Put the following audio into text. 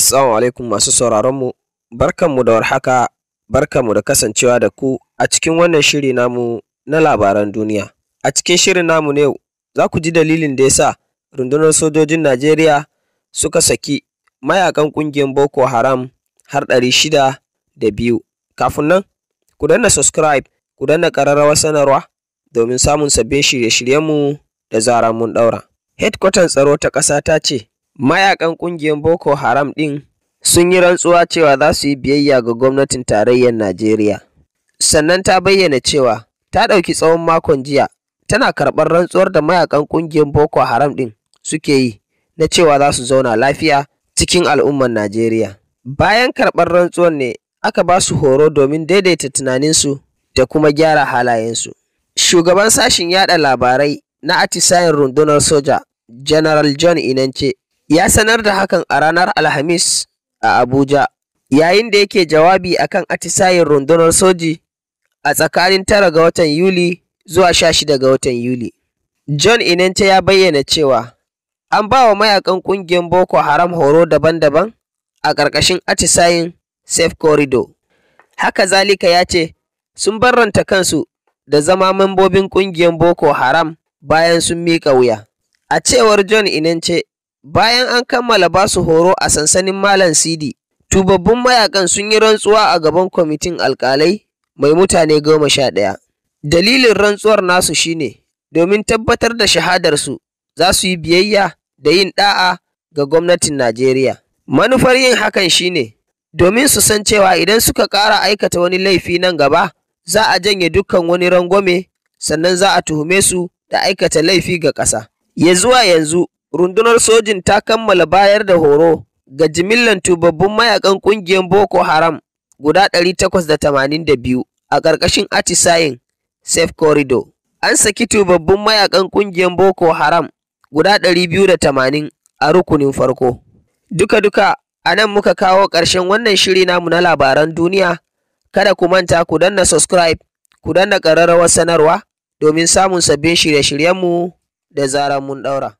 Assalamu alaikum masu sauraronmu, barkanmu da warhaka, barkanmu da kasancewa da ku a cikin wannan shiri namu na labaran duniya. A cikin shirin namu ne za ku ji dalilin da ya sa rundunar sojojin Najeriya suka saki mayakan ƙungiyar Boko Haram har ɗari shida da biyu. Kafin nan, ku danna subscribe, ku danna ƙararrawar sanarwa domin samun sabbin shirye-shiryenmu da zara mun ɗaura. Headquarters tsaro ta ƙasa ta ce, Mayakan ƙungiyar Boko Haram ɗin sun yi rantsuwa cewa za su yi biyayya ga gwamnatin tarayyar Najeriya, sannan ta bayyana cewa ta ɗauki tsawon makon jiya tana karɓar rantsuwar da mayakan ƙungiyar Boko Haram ɗin suke yi na cewa za su zauna lafiya cikin al'ummar Najeriya. Bayan karɓar rantsuwar ne aka ba su horo domin daidaita tunaninsu da kuma gyara halayensu. Shugaban sashen yaɗa labarai na atisayen rundunar soja, General John Inance, ya sanar da hakan a ranar Alhamis a Abuja yayin da yake jawabi akan atisayen rundunar soji a tsakanin tara ga watan Yuli zuwa sha shida ga watan Yuli. John Inance ya bayyana cewa an ba wa mayakan ƙungiyar Boko Haram horo daban-daban a ƙarƙashin atisayin Safe Corridor. Haka zalika ya ce sun barranta kansu da zama mambobin ƙungiyar Boko Haram bayan sun miƙa wuya. A cewar John Inance, Bayan an kammala ba su horo a sansanin Malam Sidi, tubabbun mayaƙan sun yi rantsuwa a gaban kwamitin alkalai mai mutane goma sha ɗaya. Dalilin rantsuwar nasu shine domin tabbatar da shahadarsu za su yi biyayya da yin ɗa'a ga gwamnatin Najeriya. Manufar yin hakan shine domin su san cewa idan suka ƙara aikata wani laifi nan gaba, za a janye dukkan wani rangwame sannan za a tuhume su da aikata laifi ga ƙasa. Ya zuwa yanzu rundunar sojin ta kammala bayar da horo ga jimillan tubabbun mayakan ƙungiyar Boko Haram guda 882 a ƙarƙashin atisayin Safe Corridor. An saki tubabbun mayakan ƙungiyar Boko Haram guda 280 a rukunin farko. Duka-duka a nan muka kawo ƙarshen wannan shiri namu na labaran duniya. Kada ku manta ku danna subscribe, ku danna ƙararrawar sanarwa domin samun sabbin shirye-shiryenmu da zarar mun ɗaura.